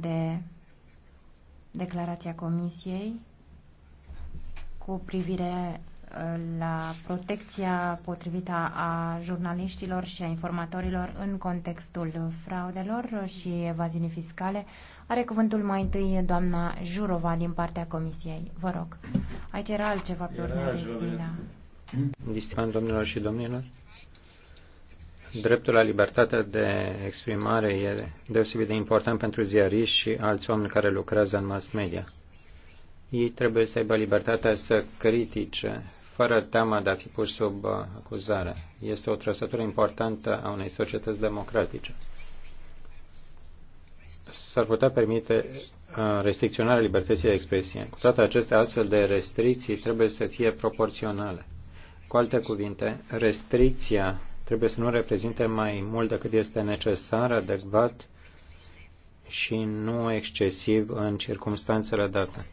de declarația Comisiei cu privire uh, la protecția potrivită a jurnaliștilor și a informatorilor în contextul fraudelor și evaziunii fiscale. Are cuvântul mai întâi doamna Jurova din partea Comisiei. Vă rog. Aici era altceva pe urmă de zi, da. Domnilor și domnilor, Dreptul la libertatea de exprimare e deosebit de important pentru ziariști și alți oameni care lucrează în mass media. Ei trebuie să aibă libertatea să critique, fără teama de a fi puși sub acuzare. Este o trăsătură importantă a unei societăți democratice. S-ar putea permite uh, restricționarea libertății de expresie. Cu toate acestea, astfel de restricții trebuie să fie proporționale. Cu alte cuvinte, restricția trebuie să nu reprezinte mai mult decât este necesar, adecvat și nu excesiv în circumstanțele date.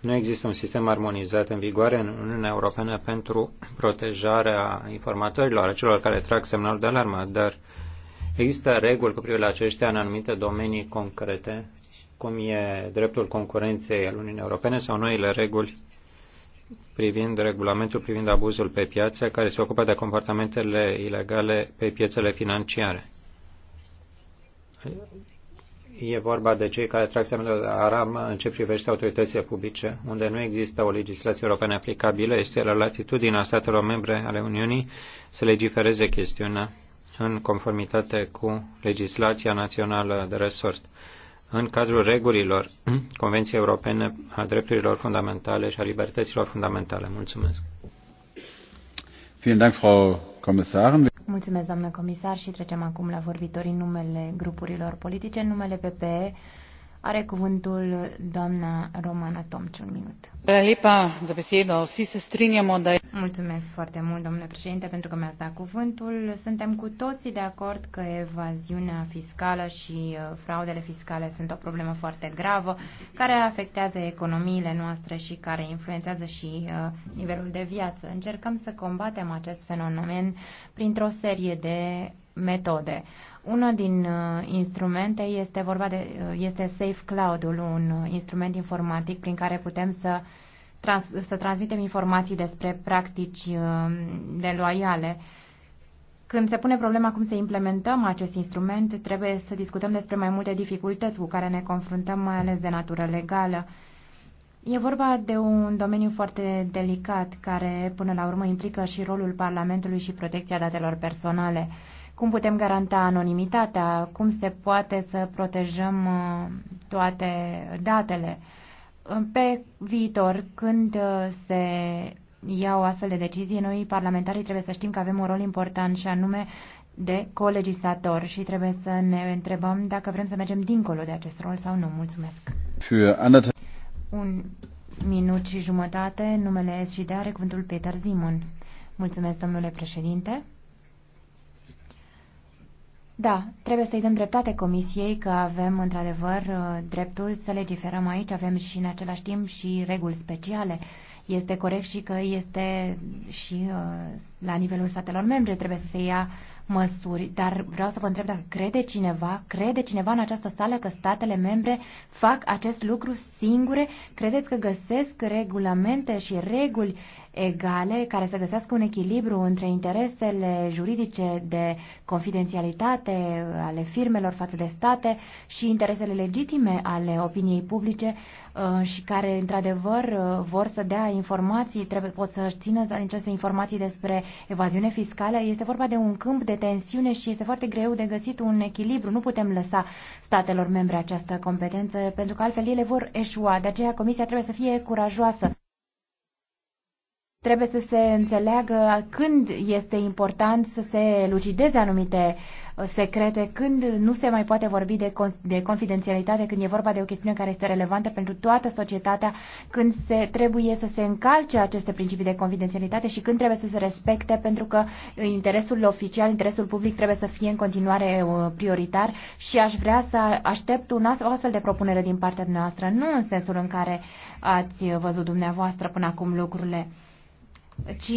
Nu există un sistem armonizat în vigoare în Uniunea Europeană pentru protejarea informatorilor, a celor care trag semnal de alarmă, dar există reguli cu privire la aceștia în anumite domenii concrete, cum e dreptul concurenței al Uniunii Europene sau noile reguli privind regulamentul privind abuzul pe piață, care se ocupă de comportamentele ilegale pe piețele financiare. E vorba de cei care trag semnul aram în ce privește autoritățile publice, unde nu există o legislație europeană aplicabilă, este la latitudinea statelor membre ale Uniunii să legifereze chestiunea în conformitate cu legislația națională de resort în cadrul regulilor Convenției Europene a Drepturilor Fundamentale și a Libertăților Fundamentale. Mulțumesc! Mulțumesc, doamnă comisar, și trecem acum la vorbitorii numele grupurilor politice. În numele PPE are cuvântul doamna Romana Tomciu, un minut. Hvala lepa za besedo. Vsi se strinjamo, da Mulțumesc foarte mult, domnule președinte, pentru că mi-ați dat cuvântul. Suntem cu toții de acord că evaziunea fiscală și uh, fraudele fiscale sunt o problemă foarte gravă, care afectează economiile noastre și care influențează și uh, nivelul de viață. Încercăm să combatem acest fenomen printr-o serie de metode. Una din uh, instrumente este vorba de uh, este Safe Cloud-ul, un uh, instrument informatic prin care putem să uh, trans, să transmitem informații despre practici de uh, loiale. Când se pune problema cum să implementăm acest instrument, trebuie să discutăm despre mai multe dificultăți cu care ne confruntăm, mai ales de natură legală. E vorba de un domeniu foarte delicat, care până la urmă implică și rolul Parlamentului și protecția datelor personale. Cum putem garanta anonimitatea? Cum se poate să protejăm uh, toate datele? Pe viitor, când uh, se ia o astfel de decizie, noi parlamentarii trebuie să știm că avem un rol important și anume de colegislator și trebuie să ne întrebăm dacă vrem să mergem dincolo de acest rol sau nu. Mulțumesc. Un minut și jumătate, numele S și de are cuvântul Peter Zimon. Mulțumesc, domnule președinte. Da, trebuie să-i dăm dreptate Comisiei că avem, într-adevăr, uh, dreptul să legiferăm aici, avem și în același timp și reguli speciale. Este corect și că este și uh, la nivelul statelor membre trebuie să se ia măsuri, dar vreau să vă întreb dacă crede cineva, crede cineva în această sală că statele membre fac acest lucru singure? Credeți că găsesc regulamente și reguli egale care să găsească un echilibru între interesele juridice de confidențialitate ale firmelor față de state și interesele legitime ale opiniei publice uh, și care, într-adevăr, uh, vor să dea informații, trebuie, pot să-și țină aceste informații despre evaziune fiscală, este vorba de un câmp de tensiune și este foarte greu de găsit un echilibru. Nu putem lăsa statelor membre această competență, pentru că altfel ele vor eșua. De aceea Comisia trebuie să fie curajoasă trebuie să se înțeleagă când este important să se lucideze anumite Uh, secrete, când nu se mai poate vorbi de, de confidențialitate, când e vorba de o chestiune care este relevantă pentru toată societatea, când se trebuie să se încalce aceste principii de confidențialitate și când trebuie să se respecte, pentru că interesul oficial, interesul public trebuie să fie în continuare uh, prioritar și aș vrea să aștept un ast- o astfel de propunere din partea noastră, nu în sensul în care ați văzut dumneavoastră până acum lucrurile ci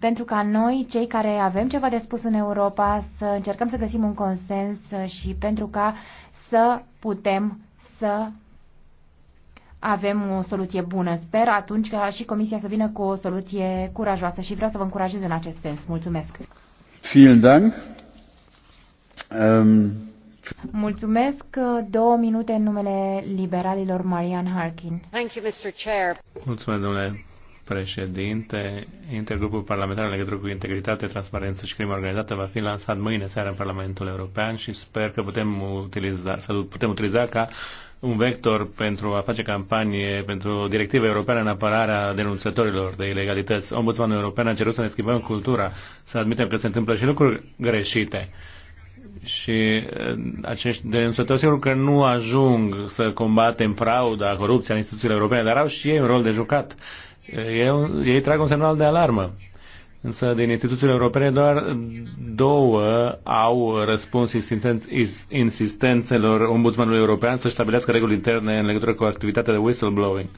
pentru ca noi, cei care avem ceva de spus în Europa, să încercăm să găsim un consens și pentru ca să putem să avem o soluție bună. Sper atunci ca și Comisia să vină cu o soluție curajoasă și vreau să vă încurajez în acest sens. Mulțumesc! Vielen Dank. Um... Mulțumesc. Două minute în numele liberalilor Marian Harkin. Thank you, Mr. Chair. Mulțumesc, domnule președinte, intergrupul parlamentar în legătură cu integritate, transparență și crimă organizată va fi lansat mâine seara în Parlamentul European și sper că putem utiliza, să putem utiliza ca un vector pentru a face campanie pentru directiva europeană în apărarea denunțătorilor de ilegalități. Ombudsmanul European a cerut să ne schimbăm cultura, să admitem că se întâmplă și lucruri greșite și eh, acești denunțători sigur că nu ajung să combatem frauda, corupția în instituțiile europene, dar au și ei un rol de jucat ei, ei trag un semnal de alarmă. Însă din instituțiile europene doar două au răspuns insistențelor ombudsmanului european să stabilească reguli interne în legătură cu activitatea de whistleblowing.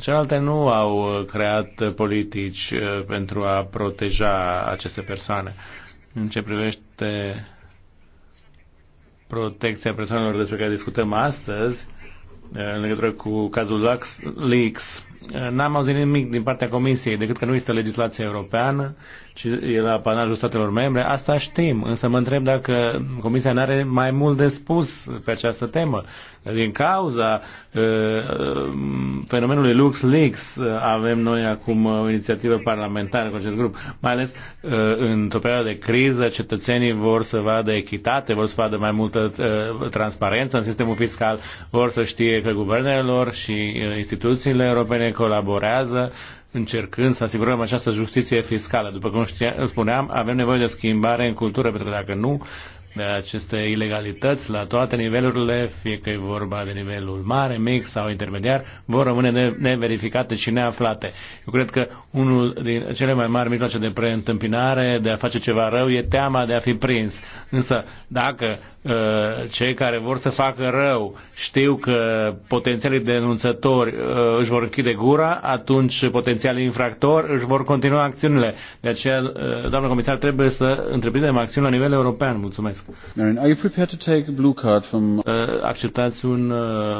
Celelalte uh, nu au creat politici uh, pentru a proteja aceste persoane. În ce privește protecția persoanelor despre care discutăm astăzi, în legătură cu cazul LuxLeaks. N-am auzit nimic din partea Comisiei, decât că nu există legislație europeană și e la panajul statelor membre, asta știm, însă mă întreb dacă Comisia nu are mai mult de spus pe această temă. Din cauza uh, fenomenului LuxLeaks uh, avem noi acum o inițiativă parlamentară cu acest grup, mai ales uh, într-o perioadă de criză cetățenii vor să vadă echitate, vor să vadă mai multă uh, transparență în sistemul fiscal, vor să știe că guvernele lor și uh, instituțiile europene colaborează încercând să asigurăm această justiție fiscală. După cum știam, spuneam, avem nevoie de o schimbare în cultură, pentru că dacă nu, de aceste ilegalități la toate nivelurile, fie că e vorba de nivelul mare, mic sau intermediar, vor rămâne neverificate și neaflate. Eu cred că unul din cele mai mari mijloace de preîntâmpinare, de a face ceva rău, e teama de a fi prins. Însă, dacă Uh, cei care vor să facă rău știu că potențialii denunțători uh, își vor închide gura, atunci potențialii infractori își vor continua acțiunile. De aceea, uh, doamnă comisar, trebuie să întreprindem acțiuni la nivel european. Mulțumesc. Marin, are you prepared to take blue card from... Acceptați un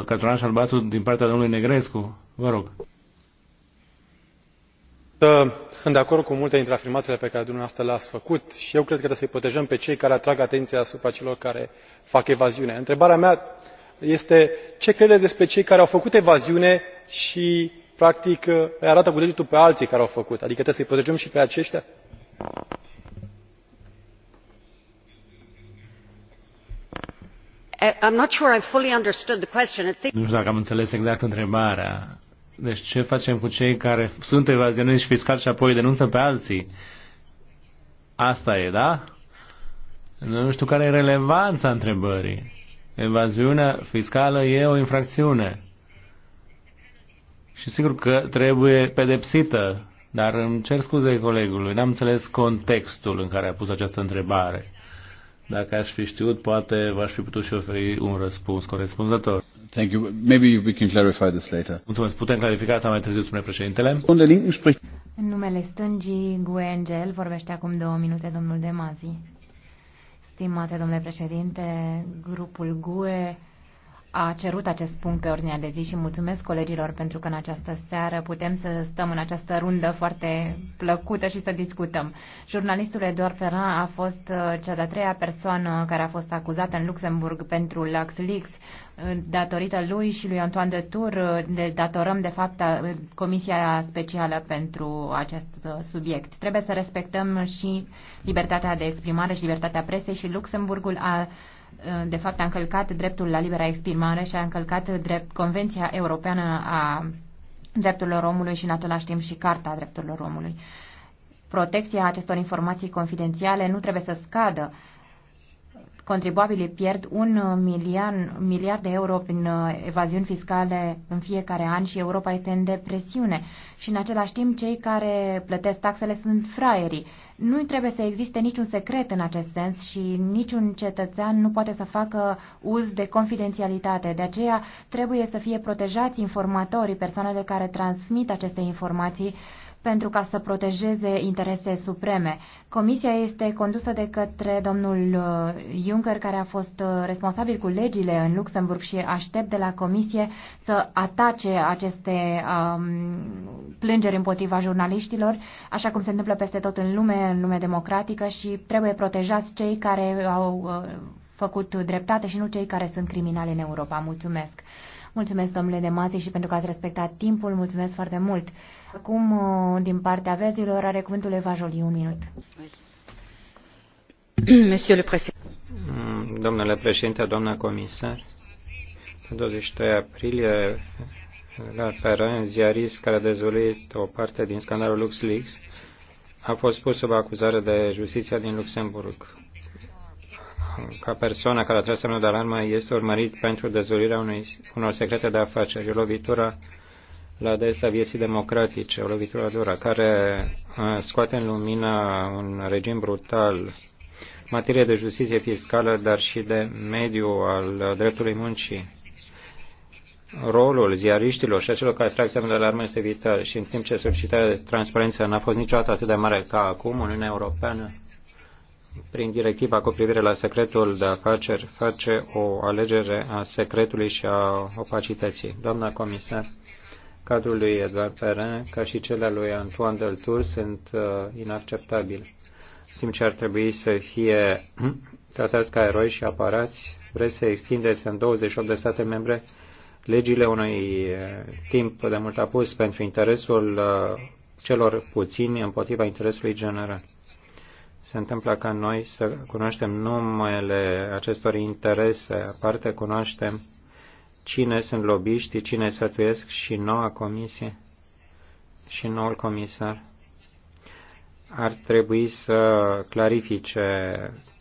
cartonaș albastru din partea domnului Negrescu? Vă rog. Ă, sunt de acord cu multe dintre afirmațiile pe care dumneavoastră le ați făcut și eu cred că trebuie să îi protejăm pe cei care atrag atenția asupra celor care fac evaziune. întrebarea mea este ce credeți despre cei care au făcut evaziune și practic îi arată cu degetul pe alții care au făcut adică trebuie să îi protejăm și pe aceștia? Eh, nu știu dacă am înțeles exact întrebarea deci ce facem cu cei care sunt evazioniști fiscali și apoi denunță pe alții? Asta e, da? Nu știu care e relevanța întrebării. Evaziunea fiscală e o infracțiune. Și sigur că trebuie pedepsită, dar îmi cer scuze colegului, n-am înțeles contextul în care a pus această întrebare. Dacă aș fi știut, poate v-aș fi putut și oferi un răspuns corespunzător. Thank you. Maybe we can clarify this later. Mulțumesc. Putem clarifica asta mai târziu, spune președintele. Unde Linken spricht... În numele stângii, Guengel Angel, vorbește acum două minute domnul Demazi. Stimate domnule președinte, grupul GUE a cerut acest punct pe ordinea de zi și mulțumesc colegilor pentru că în această seară putem să stăm în această rundă foarte plăcută și să discutăm. Jurnalistul Edouard Perrin a fost uh, cea de-a treia persoană care a fost acuzată în Luxemburg pentru LuxLeaks, datorită lui și lui Antoine de Tur, ne datorăm de fapt Comisia Specială pentru acest uh, subiect. Trebuie să respectăm și libertatea de exprimare și libertatea presei și Luxemburgul a uh, de fapt a încălcat dreptul la libera exprimare și a încălcat drept, Convenția Europeană a Drepturilor Omului și în același timp și Carta Drepturilor Omului. Protecția acestor informații confidențiale nu trebuie să scadă Contribuabilii pierd un uh, miliard, miliard de euro prin uh, evaziuni fiscale în fiecare an și Europa este în depresiune. Și în același timp, cei care plătesc taxele sunt fraierii. Nu trebuie să existe niciun secret în acest sens și niciun cetățean nu poate să facă uz de confidențialitate. De aceea trebuie să fie protejați informatorii, persoanele care transmit aceste informații pentru ca să protejeze interese supreme. Comisia este condusă de către domnul uh, Juncker, care a fost uh, responsabil cu legile în Luxemburg și aștept de la Comisie să atace aceste um, plângeri împotriva jurnaliștilor, așa cum se întâmplă peste tot în lume, în lume democratică și trebuie protejați cei care au uh, făcut dreptate și nu cei care sunt criminali în Europa. Mulțumesc! Mulțumesc, domnule de și pentru că ați respectat timpul. Mulțumesc foarte mult. Acum, uh, din partea vezilor, are cuvântul Eva Jolie, un minut. Mm, domnule președinte, doamna comisar, pe 23 aprilie, la Peran, ziarist care a dezvăluit o parte din scandalul LuxLeaks, a fost pus sub acuzare de justiția din Luxemburg ca persoana care a tras semnul de alarmă este urmărit pentru dezvăluirea unui, unor secrete de afaceri. O lovitură la adresa vieții democratice, o lovitură dură, care uh, scoate în lumină un regim brutal, materie de justiție fiscală, dar și de mediu al dreptului muncii. Rolul ziariștilor și acelor care trag semnul de alarmă este vital și în timp ce solicitarea de transparență n-a fost niciodată atât de mare ca acum, Uniunea Europeană prin directiva cu privire la secretul de afaceri, face o alegere a secretului și a opacității. Doamna comisar, cadrul lui Eduard Perrin, ca și cel al lui Antoine Deltour, Tour, sunt uh, inacceptabile. În timp ce ar trebui să fie tratați ca eroi și aparați, vreți să extindeți în 28 de state membre legile unui uh, timp de mult apus pentru interesul uh, celor puțini împotriva interesului general se întâmplă ca noi să cunoaștem numele acestor interese, aparte cunoaștem cine sunt lobiștii, cine sfătuiesc și noua comisie și noul comisar. Ar trebui să clarifice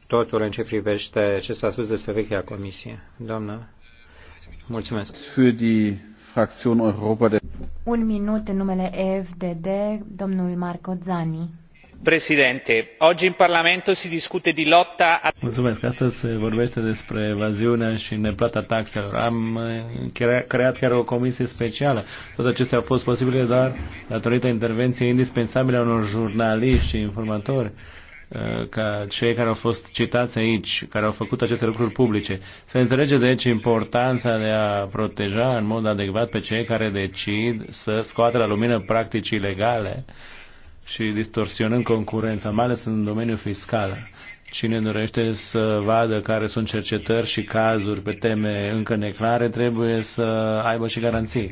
totul în ce privește ce s-a spus despre vechea comisie. Doamnă, mulțumesc. Un minut în numele EFDD, domnul Marco Zani președinte oggi în parlamento si discute di lotta. Mulțumesc. Astăzi se vorbește despre evaziunea și neplata taxelor. Am eh, creat chiar o comisie specială. Toate acestea au fost posibile doar datorită intervenției indispensabile a unor jurnaliști și informatori eh, ca cei care au fost citați aici, care au făcut aceste lucruri publice. Să înțelege, deci, importanța de a proteja în mod adecvat pe cei care decid să scoată la lumină practici ilegale și distorsionând concurența, mai ales în domeniul fiscal. Cine dorește să vadă care sunt cercetări și cazuri pe teme încă neclare, trebuie să aibă și garanții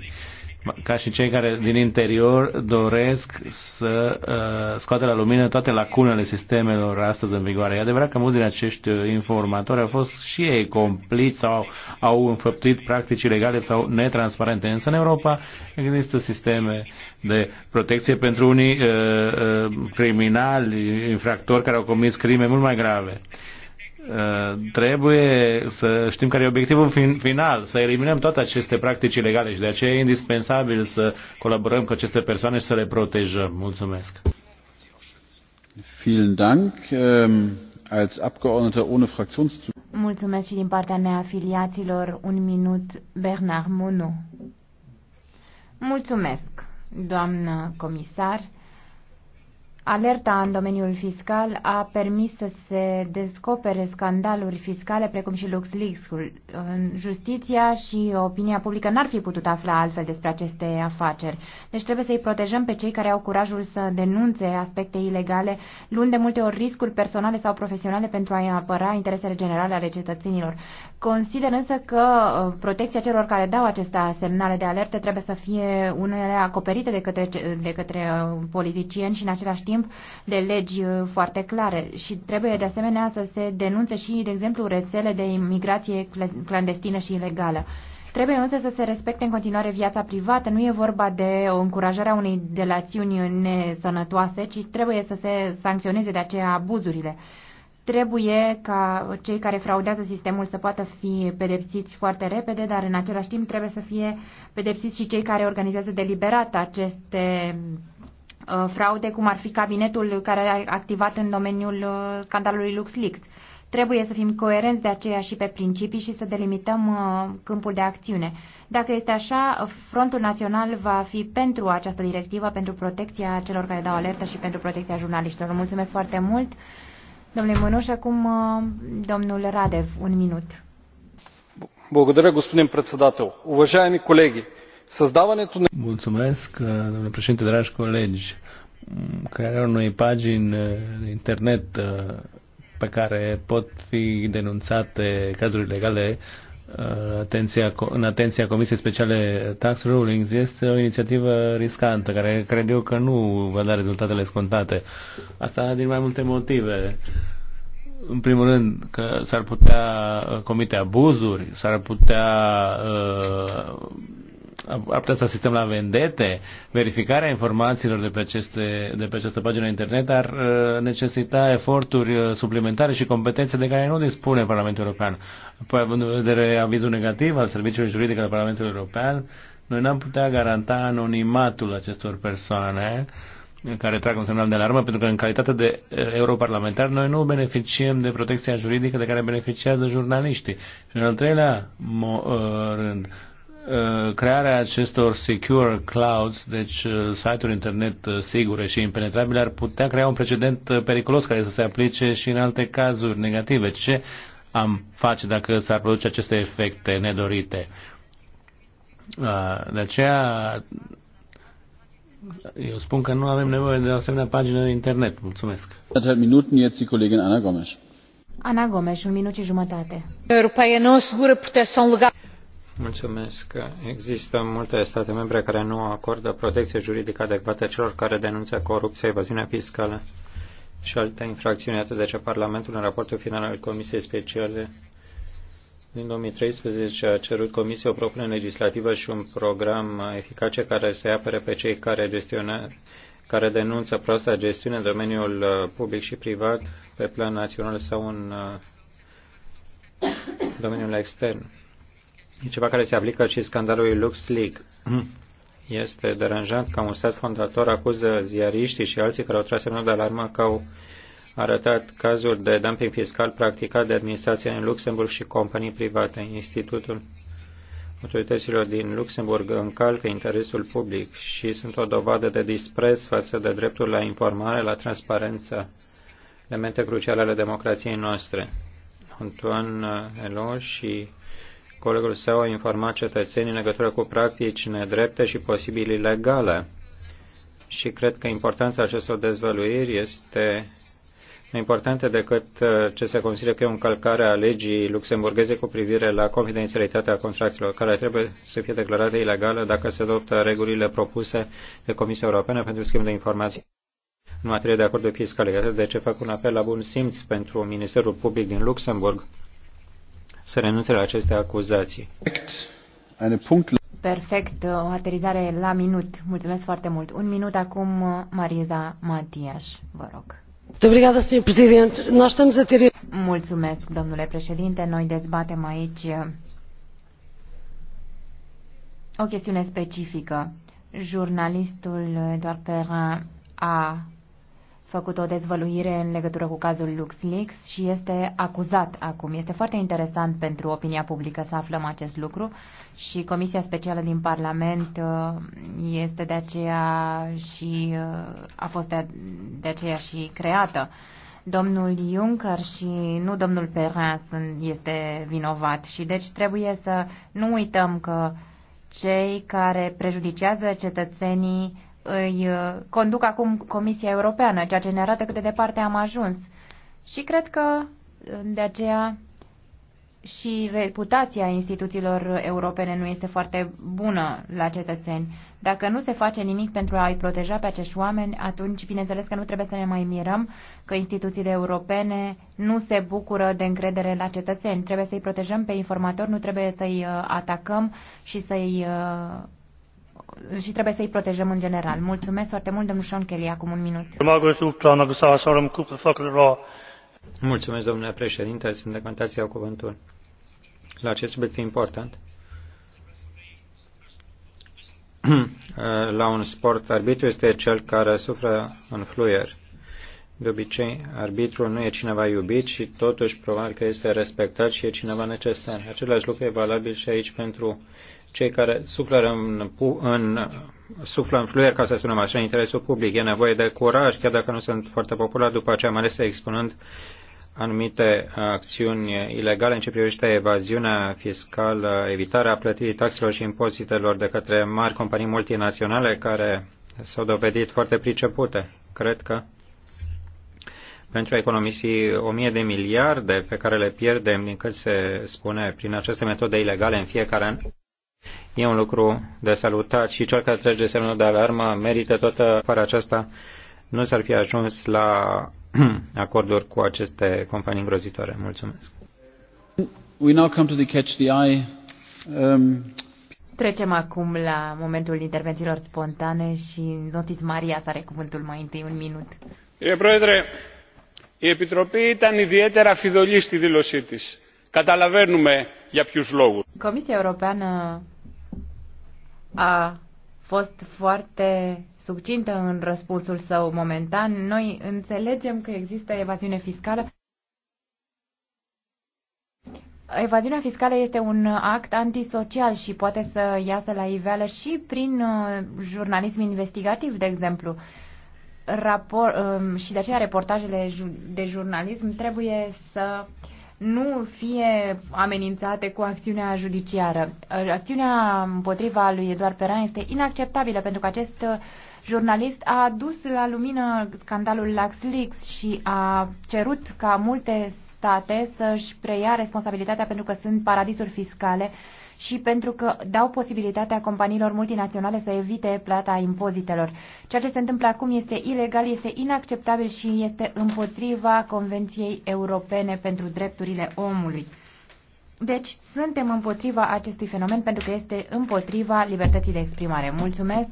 ca și cei care din interior doresc să uh, scoată la lumină toate lacunele sistemelor astăzi în vigoare. E adevărat că mulți din acești informatori au fost și ei compliți sau au înfăptuit practici ilegale sau netransparente. Însă în Europa există sisteme de protecție pentru unii uh, uh, criminali, infractori care au comis crime mult mai grave. Uh, Eh, trebuie să știm care e obiectivul fin- final, să eliminăm toate aceste practici ilegale și de aceea e indispensabil să colaborăm cu aceste persoane și să le protejăm. Mulțumesc. Vielen Dank. Ähm, als Abgeordneter ohne Mulțumesc și din partea neafiliaților un minut Bernard Monod. Mulțumesc, doamnă comisar. Alerta în domeniul fiscal a permis să se descopere scandaluri fiscale precum și LuxLeaks-ul. Justiția și opinia publică n-ar fi putut afla altfel despre aceste afaceri. Deci trebuie să-i protejăm pe cei care au curajul să denunțe aspecte ilegale, luând de multe ori riscuri personale sau profesionale pentru a-i apăra interesele generale ale cetățenilor. Consider însă că uh, protecția celor care dau aceste semnale de alertă trebuie să fie unele acoperite de către, de către uh, politicieni și în același timp timp de legi uh, foarte clare și trebuie de asemenea să se denunțe și, de exemplu, rețele de imigrație clandestină și ilegală. Trebuie însă să se respecte în continuare viața privată. Nu e vorba de o încurajare a unei delațiuni nesănătoase, ci trebuie să se sancționeze de aceea abuzurile. Trebuie ca cei care fraudează sistemul să poată fi pedepsiți foarte repede, dar în același timp trebuie să fie pedepsiți și cei care organizează deliberat aceste Uh, fraude, cum ar fi cabinetul care a activat în domeniul uh, scandalului LuxLeaks. Trebuie să fim coerenți de aceea și pe principii și să delimităm uh, câmpul de acțiune. Dacă este așa, Frontul Național va fi pentru această directivă, pentru protecția celor care dau alertă și pentru protecția jurnaliștilor. Mulțumesc foarte mult, domnule Mănuș. Acum, domnul Radev, un minut. Благодаря, господин председател. Уважаеми колеги, Mulțumesc, domnule președinte, dragi colegi. Crearea unei pagini eh, de internet eh, pe care pot fi denunțate cazuri legale eh, atenția, în atenția Comisiei Speciale Tax Rulings este o inițiativă riscantă care cred eu că nu va da rezultatele scontate. Asta din mai multe motive în primul rând că s-ar putea comite abuzuri, s-ar putea uh, ar putea să asistăm la vendete. Verificarea informațiilor de pe, aceste, de pe această pagină internet ar uh, necesita eforturi uh, suplimentare și competențe de care nu dispune Parlamentul European. Păi, având în vedere avizul negativ al Serviciului Juridic al Parlamentului European, noi n-am putea garanta anonimatul acestor persoane uh, care trag un semnal de alarmă, pentru că în calitate de europarlamentar noi nu beneficiem de protecția juridică de care beneficiază jurnaliștii. Și în al treilea rând, Uh, crearea acestor secure clouds, deci uh, site-uri internet uh, sigure și impenetrabile, ar putea crea un precedent periculos care să se aplice și în alte cazuri negative. Ce am face dacă s-ar produce aceste efecte nedorite? De aceea, eu spun că nu avem nevoie de o asemenea pagină de internet. Mulțumesc. Minuten, jetzt die Kollegin Ana Gomes. Ana Gomes, un minut și jumătate. Europeia nu asigură protecție legală Mulțumesc. Există multe state membre care nu acordă protecție juridică adecvată celor care denunță corupție, evaziunea fiscală și alte infracțiuni. Atât de ce Parlamentul, în raportul final al Comisiei Speciale din 2013, a cerut Comisiei o propunere legislativă și un program eficace care să apere pe cei care gestionează care denunță proasta gestiune în domeniul uh, public și privat pe plan național sau în uh, domeniul extern. E ceva care se aplică și scandalului League, Este deranjant că un stat fondator acuză ziariștii și alții care au tras semnul de alarmă că au arătat cazuri de dumping fiscal practicat de administrația în Luxemburg și companii private. Institutul autorităților din Luxemburg încalcă interesul public și sunt o dovadă de dispreț față de dreptul la informare, la transparență, elemente cruciale ale democrației noastre. Antoine Elon și colegul său a informat cetățenii în legătură cu practici nedrepte și posibil ilegale. Și cred că importanța acestor dezvăluiri este mai importantă decât uh, ce se consideră că e o încălcare a legii luxemburgheze cu privire la confidențialitatea contractelor, care trebuie să fie declarată ilegală dacă se adoptă regulile propuse de Comisia Europeană pentru schimb de informații în materie de acorduri fiscale. De ce fac un apel la bun simț pentru Ministerul Public din Luxemburg să renunțe la aceste acuzații. Perfect, o aterizare la minut. Mulțumesc foarte mult. Un minut acum, Mariza Matiaș, vă rog. Mulțumesc, domnule președinte. Noi dezbatem aici uh, o chestiune specifică. Jurnalistul Eduard Perrin a făcut o dezvăluire în legătură cu cazul LuxLeaks și este acuzat acum. Este foarte interesant pentru opinia publică să aflăm acest lucru și Comisia Specială din Parlament uh, este de aceea și uh, a fost de aceea și creată. Domnul Juncker și nu domnul Perrin este vinovat și deci trebuie să nu uităm că cei care prejudicează cetățenii îi uh, conduc acum Comisia Europeană, ceea ce ne arată cât de departe am ajuns. Și cred că uh, de aceea și reputația instituțiilor europene nu este foarte bună la cetățeni. Dacă nu se face nimic pentru a-i proteja pe acești oameni, atunci bineînțeles că nu trebuie să ne mai mirăm că instituțiile europene nu se bucură de încredere la cetățeni. Trebuie să-i protejăm pe informatori, nu trebuie să-i uh, atacăm și să-i și trebuie să-i protejăm în general. Mulțumesc foarte mult, domnul Sean Kelly, acum un minut. Mulțumesc, domnule președinte, sunt de contația cuvântul la acest subiect important. la un sport, arbitru este cel care suferă în fluier. De obicei, arbitrul nu e cineva iubit și totuși probabil că este respectat și e cineva necesar. Același lucru e valabil și aici pentru cei care suflă în, în, suflă în fluier, ca să spunem așa, în interesul public. E nevoie de curaj, chiar dacă nu sunt foarte popular după aceea, mai ales expunând anumite acțiuni ilegale în ce privește evaziunea fiscală, evitarea plătirii taxelor și impozitelor de către mari companii multinaționale care s-au dovedit foarte pricepute. Cred că pentru a economisi mie de miliarde pe care le pierdem din cât se spune prin aceste metode ilegale în fiecare an, E un lucru de salutat și cel care trece semnul de alarmă merită toată fără aceasta nu s-ar fi ajuns la acorduri cu aceste companii îngrozitoare. Mulțumesc. We now come to the catch the eye. Um... Trecem acum la momentul intervențiilor spontane și notit Maria are cuvântul mai întâi un minut. Κύριε Πρόεδρε, η Επιτροπή ήταν ιδιαίτερα φιδωλή στη δήλωσή της. Καταλαβαίνουμε για ποιους λόγους. Η a fost foarte succintă în răspunsul său momentan. Noi înțelegem că există evaziune fiscală. Evaziunea fiscală este un act antisocial și poate să iasă la iveală și prin uh, jurnalism investigativ, de exemplu. Rapor, um, și de aceea reportajele de jurnalism trebuie să uh, nu fie amenințate cu acțiunea judiciară. Ă, acțiunea împotriva lui Eduard Peran este inacceptabilă pentru că acest ă, jurnalist a adus la lumină scandalul LaxLeaks și a cerut ca multe state să-și preia responsabilitatea pentru că sunt paradisuri fiscale și pentru că dau posibilitatea companiilor multinaționale să evite plata impozitelor. Ceea ce se întâmplă acum este ilegal, este inacceptabil și este împotriva Convenției Europene pentru Drepturile Omului. Deci, suntem împotriva acestui fenomen pentru că este împotriva libertății de exprimare. Mulțumesc!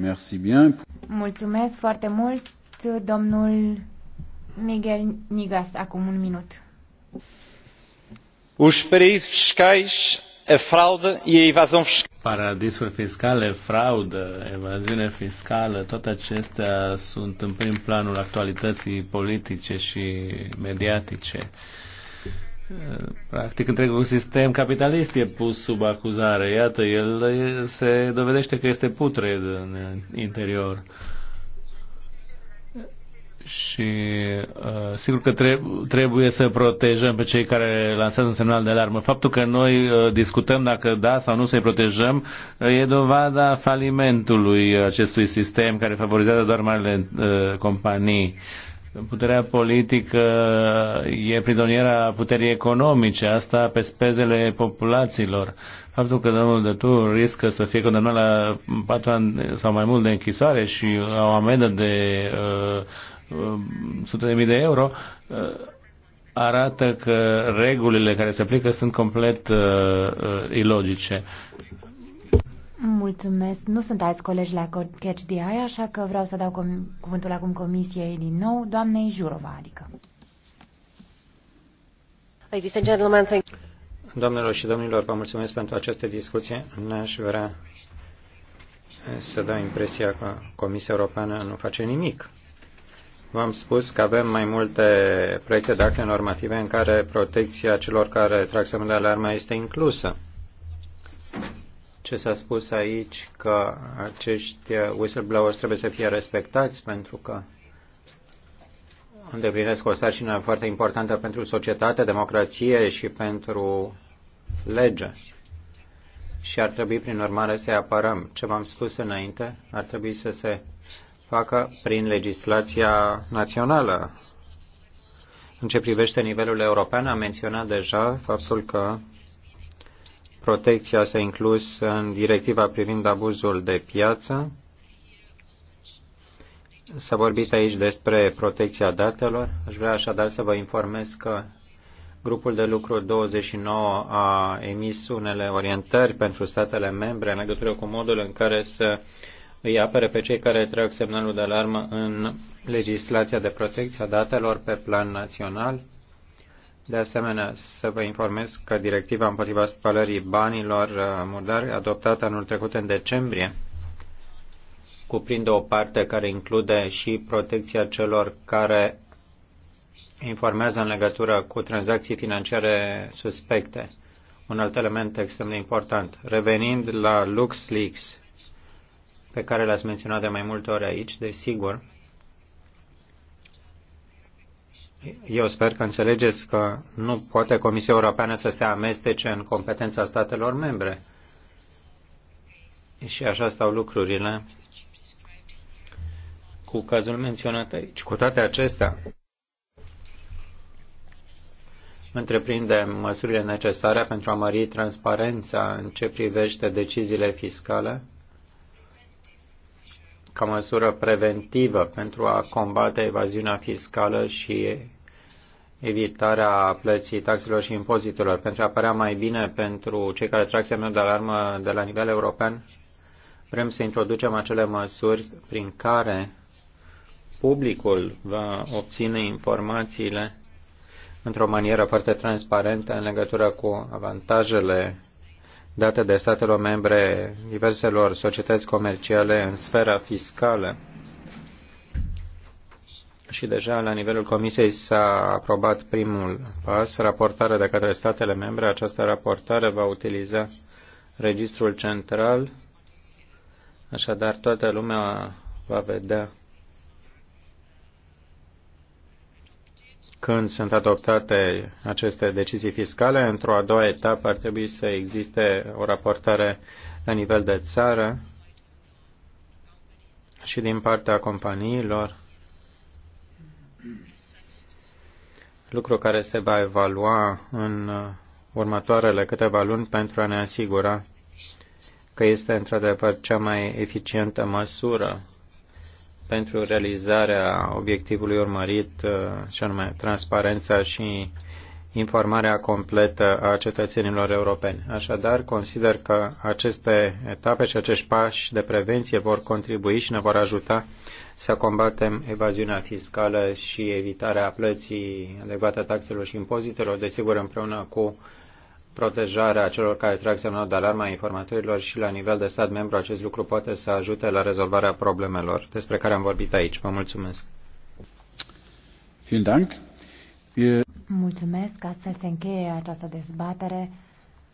Merci bien. Mulțumesc foarte mult, domnul Miguel Nigas, acum un minut. Os paraísos fiscais, a fraude e a evasão fiscal. Paradisuri fiscale, fraudă, evaziune fiscală, toate acestea sunt în prim planul actualității politice și mediatice. Practic, întregul sistem capitalist e pus sub acuzare. Iată, el se dovedește că este putred în interior și uh, sigur că treb- trebuie să protejăm pe cei care lansează un semnal de alarmă. Faptul că noi uh, discutăm dacă da sau nu să-i protejăm uh, e dovada falimentului acestui sistem care favorizează doar marile uh, companii. Puterea politică uh, e prizoniera puterii economice, asta pe spezele populațiilor. Faptul că domnul de tu riscă să fie condamnat la patru ani sau mai mult de închisoare și la o amendă de uh, Uh, sute de mii de euro, uh, arată că regulile care se aplică sunt complet uh, uh ilogice. Mulțumesc. Nu sunt alți colegi la Catch the Eye, așa că vreau să dau cuvântul acum comisiei din nou, doamnei Jurova, adică. Doamnelor și domnilor, vă mulțumesc pentru această discuție. N-aș vrea să dau impresia că Comisia Europeană nu face nimic V-am spus că avem mai multe proiecte de acte normative în care protecția celor care trag semnul de alarmă este inclusă. Ce s-a spus aici că acești whistleblowers trebuie să fie respectați pentru că îndeplinesc o sarcină foarte importantă pentru societate, democrație și pentru lege. Și ar trebui, prin urmare, să-i apărăm. Ce v-am spus înainte, ar trebui să se facă prin legislația națională. În ce privește nivelul european, am menționat deja faptul că protecția s-a inclus în directiva privind abuzul de piață. S-a vorbit aici despre protecția datelor. Aș vrea așadar să vă informez că grupul de lucru 29 a emis unele orientări pentru statele membre în legătură cu modul în care să îi apere pe cei care trag semnalul de alarmă în legislația de protecție a datelor pe plan național. De asemenea, să vă informez că directiva împotriva spălării banilor uh, murdari, adoptată anul trecut în decembrie, cuprinde o parte care include și protecția celor care informează în legătură cu tranzacții financiare suspecte. Un alt element extrem de important. Revenind la LuxLeaks, pe care le-ați menționat de mai multe ori aici, desigur. Eu sper că înțelegeți că nu poate Comisia Europeană să se amestece în competența statelor membre. Și așa stau lucrurile cu cazul menționat aici. Cu toate acestea, întreprindem măsurile necesare pentru a mări transparența în ce privește deciziile fiscale ca măsură preventivă pentru a combate evaziunea fiscală și evitarea plății taxelor și impozitelor, pentru a apărea mai bine pentru cei care trag semnul de alarmă de la nivel european. Vrem să introducem acele măsuri prin care publicul va obține informațiile într-o manieră foarte transparentă în legătură cu avantajele date de statelor membre diverselor societăți comerciale în sfera fiscală. Și deja la nivelul Comisiei s-a aprobat primul pas, raportarea de către statele membre. Această raportare va utiliza registrul central, așadar toată lumea va vedea când sunt adoptate aceste decizii fiscale, într-o a doua etapă ar trebui să existe o raportare la nivel de țară și din partea companiilor, lucru care se va evalua în următoarele câteva luni pentru a ne asigura că este într-adevăr cea mai eficientă măsură pentru realizarea obiectivului urmărit, uh, și anume transparența și informarea completă a cetățenilor europeni. Așadar, consider că aceste etape și acești pași de prevenție vor contribui și ne vor ajuta să combatem evaziunea fiscală și evitarea plății adecvate a taxelor și impozitelor, desigur împreună cu protejarea celor care trag semnal de alarmă a informatorilor și la nivel de stat membru acest lucru poate să ajute la rezolvarea problemelor despre care am vorbit aici. Vă mulțumesc. Vielen Dank. Mulțumesc, astfel se încheie această dezbatere.